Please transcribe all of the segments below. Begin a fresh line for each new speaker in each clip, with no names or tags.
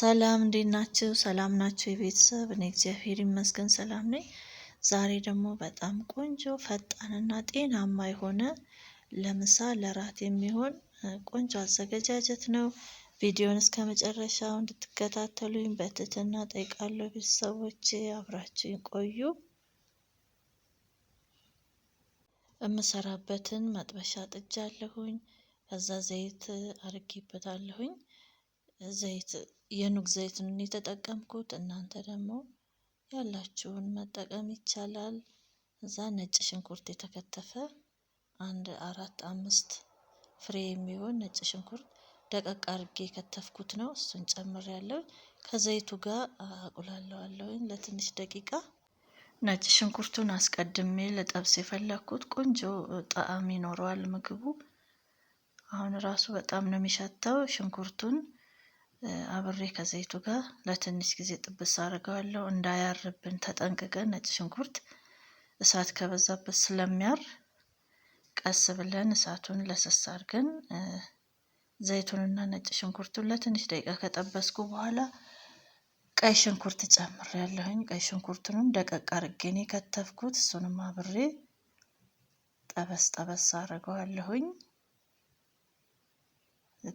ሰላም እንዴት ናችሁ? ሰላም ናችሁ የቤተሰብ? እኔ እግዚአብሔር ይመስገን ሰላም ነኝ። ዛሬ ደግሞ በጣም ቆንጆ ፈጣንና ጤናማ የሆነ ለምሳ ለራት የሚሆን ቆንጆ አዘገጃጀት ነው። ቪዲዮን እስከ መጨረሻው እንድትከታተሉኝ በትህትና ጠይቃለሁ። ቤተሰቦች አብራችሁ ቆዩ። የምሰራበትን መጥበሻ ጥጃለሁኝ። አለሁኝ። ከዛ ዘይት አርጌበታለሁኝ። ዘይት የኑግ ዘይትን የተጠቀምኩት እናንተ ደግሞ ያላችሁን መጠቀም ይቻላል። እዛ ነጭ ሽንኩርት የተከተፈ አንድ አራት አምስት ፍሬ የሚሆን ነጭ ሽንኩርት ደቀቅ አድርጌ የከተፍኩት ነው። እሱን ጨምር ያለው ከዘይቱ ጋር አቁላለዋለሁኝ ለትንሽ ደቂቃ። ነጭ ሽንኩርቱን አስቀድሜ ለጠብስ የፈለግኩት ቆንጆ ጣዕም ይኖረዋል ምግቡ። አሁን ራሱ በጣም ነው የሚሸተው ሽንኩርቱን አብሬ ከዘይቱ ጋር ለትንሽ ጊዜ ጥብስ አድርገዋለሁ። እንዳያርብን ተጠንቅቀን ነጭ ሽንኩርት እሳት ከበዛበት ስለሚያር ቀስ ብለን እሳቱን ለሰስ አድርገን ዘይቱንና ነጭ ሽንኩርቱን ለትንሽ ደቂቃ ከጠበስኩ በኋላ ቀይ ሽንኩርት ጨምሬያለሁኝ። ቀይ ሽንኩርቱንም ደቀቅ አድርጌ ነው የከተፍኩት። እሱንም አብሬ ጠበስ ጠበስ አድርገዋለሁኝ።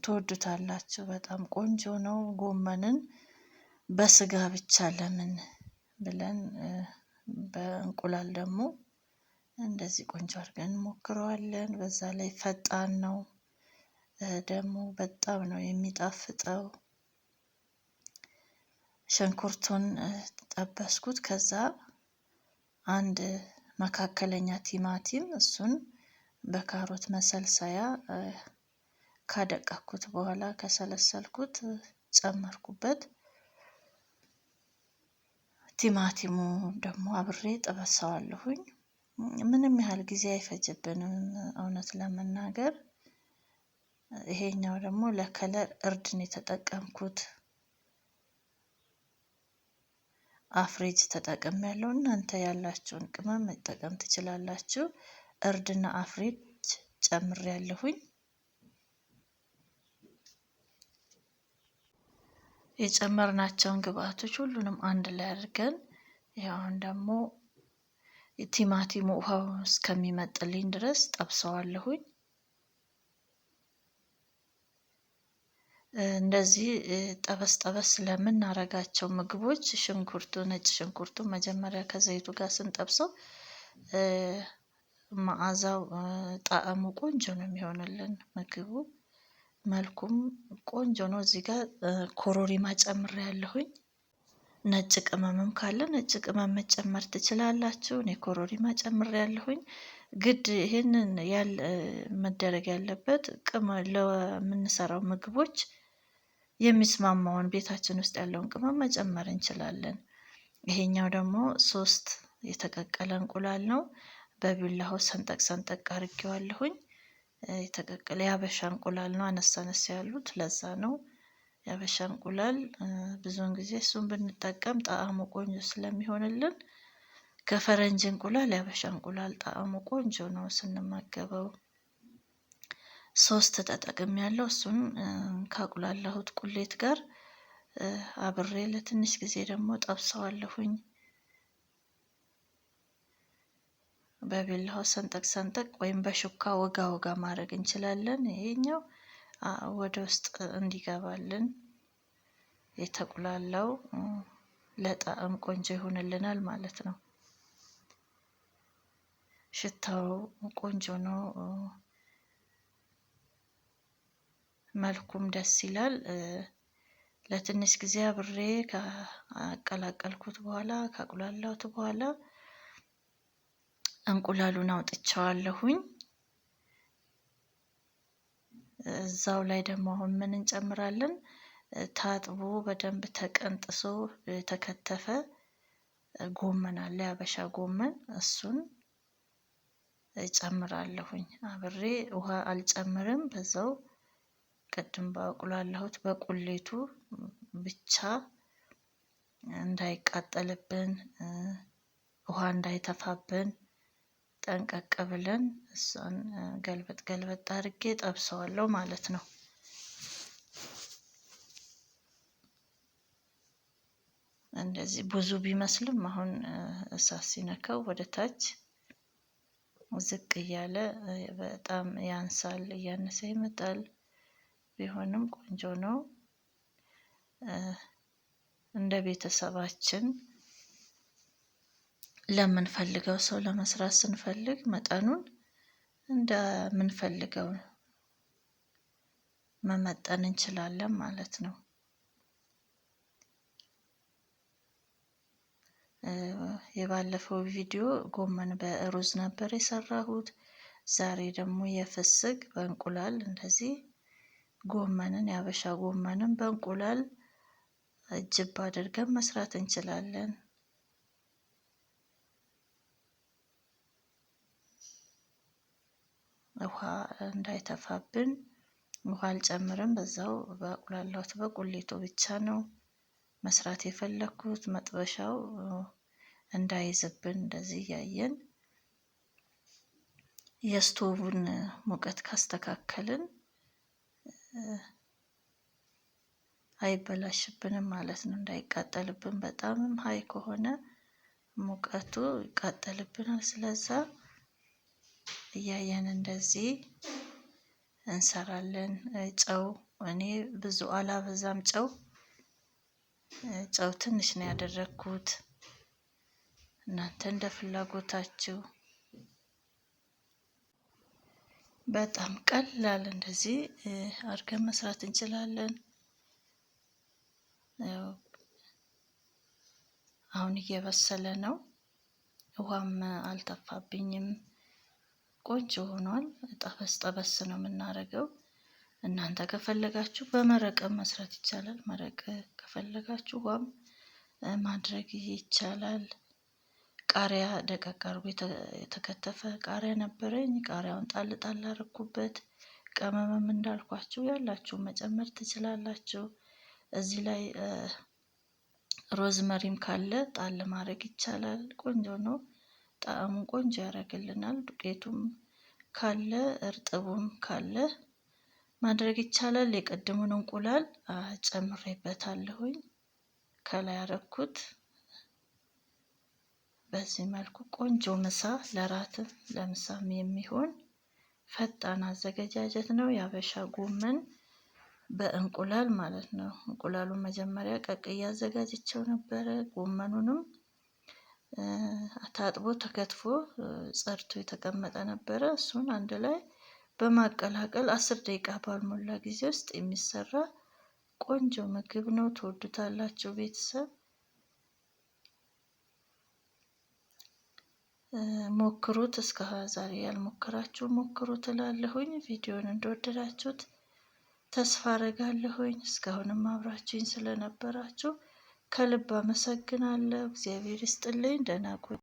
ትወዱታላችሁ። በጣም ቆንጆ ነው። ጎመንን በስጋ ብቻ ለምን ብለን በእንቁላል ደግሞ እንደዚህ ቆንጆ አድርገን እንሞክረዋለን። በዛ ላይ ፈጣን ነው ደግሞ በጣም ነው የሚጣፍጠው። ሽንኩርቱን ጠበስኩት። ከዛ አንድ መካከለኛ ቲማቲም እሱን በካሮት መሰልሰያ ካደቀኩት በኋላ ከሰለሰልኩት ጨመርኩበት። ቲማቲሙ ደግሞ አብሬ ጠበሰዋለሁኝ። ምንም ያህል ጊዜ አይፈጅብንም እውነት ለመናገር። ይሄኛው ደግሞ ለከለር እርድን የተጠቀምኩት አፍሬጅ ተጠቅም ያለው እናንተ ያላችሁን ቅመም መጠቀም ትችላላችሁ። እርድና አፍሬጅ ያለሁኝ። የጨመርናቸውን ግብአቶች ሁሉንም አንድ ላይ አድርገን ያውን ደግሞ ቲማቲሙ ውሃው እስከሚመጥልኝ ድረስ ጠብሰዋለሁኝ። እንደዚህ ጠበስ ጠበስ ለምናረጋቸው ምግቦች ሽንኩርቱ ነጭ ሽንኩርቱ መጀመሪያ ከዘይቱ ጋር ስንጠብሰው መዓዛው ጣዕሙ ቆንጆ ነው የሚሆንልን ምግቡ። መልኩም ቆንጆ ነው። እዚህ ጋር ኮሮሪማ ያለሁኝ ነጭ ቅመምም ካለ ነጭ ቅመም መጨመር ትችላላችሁ። እኔ ኮሮሪማ ያለሁኝ ግድ ይህንን መደረግ ያለበት ቅመም ለምንሰራው ምግቦች የሚስማማውን ቤታችን ውስጥ ያለውን ቅመም መጨመር እንችላለን። ይሄኛው ደግሞ ሶስት የተቀቀለ እንቁላል ነው። በቢላሆ ሰንጠቅ ሰንጠቅ አርጌዋለሁኝ። የተቀቀለ የሀበሻ እንቁላል ነው። አነሳ ነስ ያሉት ለዛ ነው። የሀበሻ እንቁላል ብዙውን ጊዜ እሱን ብንጠቀም ጣዕሙ ቆንጆ ስለሚሆንልን ከፈረንጅ እንቁላል የሀበሻ እንቁላል ጣዕሙ ቆንጆ ነው ስንመገበው። ሶስት ተጠቅም ያለው እሱን ካቁላላሁት ቁሌት ጋር አብሬ ለትንሽ ጊዜ ደግሞ ጠብሰዋለሁኝ። በቢላው ሰንጠቅ ሰንጠቅ ወይም በሹካ ወጋ ወጋ ማድረግ እንችላለን። ይሄኛው ወደ ውስጥ እንዲገባልን የተቁላላው ለጣዕም ቆንጆ ይሆንልናል ማለት ነው። ሽታው ቆንጆ ነው። መልኩም ደስ ይላል። ለትንሽ ጊዜ አብሬ ካቀላቀልኩት በኋላ ካቁላላሁት በኋላ እንቁላሉን አውጥቼዋለሁኝ። እዛው ላይ ደግሞ አሁን ምን እንጨምራለን? ታጥቦ በደንብ ተቀንጥሶ የተከተፈ ጎመን አለ፣ ያበሻ ጎመን። እሱን እጨምራለሁኝ። አብሬ ውሃ አልጨምርም። በዛው ቅድም ባቁላላሁት በቁሌቱ ብቻ እንዳይቃጠልብን ውሃ እንዳይተፋብን ጠንቀቅ ብለን እሷን ገልበጥ ገልበጥ አድርጌ ጠብሰዋለሁ ማለት ነው። እንደዚህ ብዙ ቢመስልም አሁን እሳት ሲነካው ወደ ታች ዝቅ እያለ በጣም ያንሳል፣ እያነሰ ይመጣል። ቢሆንም ቆንጆ ነው። እንደ ቤተሰባችን ለምንፈልገው ሰው ለመስራት ስንፈልግ መጠኑን እንደምንፈልገው መመጠን እንችላለን ማለት ነው። የባለፈው ቪዲዮ ጎመን በሩዝ ነበር የሰራሁት። ዛሬ ደግሞ የፍስግ በእንቁላል እንደዚህ ጎመንን ያበሻ ጎመንን በእንቁላል እጅብ አድርገን መስራት እንችላለን። ውሃ እንዳይተፋብን ውሃ አልጨምርም። በዛው ባቁላላሁት በቁሌቱ ብቻ ነው መስራት የፈለኩት። መጥበሻው እንዳይዝብን እንደዚህ እያየን የስቶቡን ሙቀት ካስተካከልን አይበላሽብንም ማለት ነው። እንዳይቃጠልብን በጣምም ሀይ ከሆነ ሙቀቱ ይቃጠልብናል። ስለዛ እያየን እንደዚህ እንሰራለን። ጨው እኔ ብዙ አላበዛም። ጨው ጨው ትንሽ ነው ያደረግኩት። እናንተ እንደ ፍላጎታችሁ በጣም ቀላል እንደዚህ አድርገን መስራት እንችላለን። አሁን እየበሰለ ነው። ውሃም አልጠፋብኝም። ቆንጆ ሆኗል። ጠበስ ጠበስ ነው የምናደርገው። እናንተ ከፈለጋችሁ በመረቅ መስራት ይቻላል። መረቅ ከፈለጋችሁ ውሃም ማድረግ ይቻላል። ቃሪያ ደቀቅ አድርጎ የተከተፈ ቃሪያ ነበረኝ። ቃሪያውን ጣል ጣል አደረኩበት። ቅመምም እንዳልኳችሁ ያላችሁ መጨመር ትችላላችሁ። እዚህ ላይ ሮዝመሪም ካለ ጣል ማድረግ ይቻላል። ቆንጆ ነው። ጣዕሙ ቆንጆ ያደርግልናል። ዱቄቱም ካለ እርጥቡም ካለ ማድረግ ይቻላል። የቀድሙን እንቁላል ጨምሬበታለሁኝ ከላይ ያረኩት። በዚህ መልኩ ቆንጆ ምሳ ለራትም ለምሳም የሚሆን ፈጣን አዘገጃጀት ነው። የአበሻ ጎመን በእንቁላል ማለት ነው። እንቁላሉን መጀመሪያ ቀቅዬ አዘጋጅቼው ነበረ ጎመኑንም ታጥቦ ተከትፎ ጸድቶ የተቀመጠ ነበረ። እሱን አንድ ላይ በማቀላቀል አስር ደቂቃ ባልሞላ ጊዜ ውስጥ የሚሰራ ቆንጆ ምግብ ነው። ትወዱታላችሁ ቤተሰብ ሞክሩት። እስከ ዛሬ ያልሞከራችሁ ሞክሩት እላለሁኝ። ቪዲዮን እንደወደዳችሁት ተስፋ አረጋለሁኝ። እስካሁንም አብራችሁኝ ስለነበራችሁ ከልብ አመሰግናለሁ። እግዚአብሔር ይስጥልኝ። ደህና ቆዩ።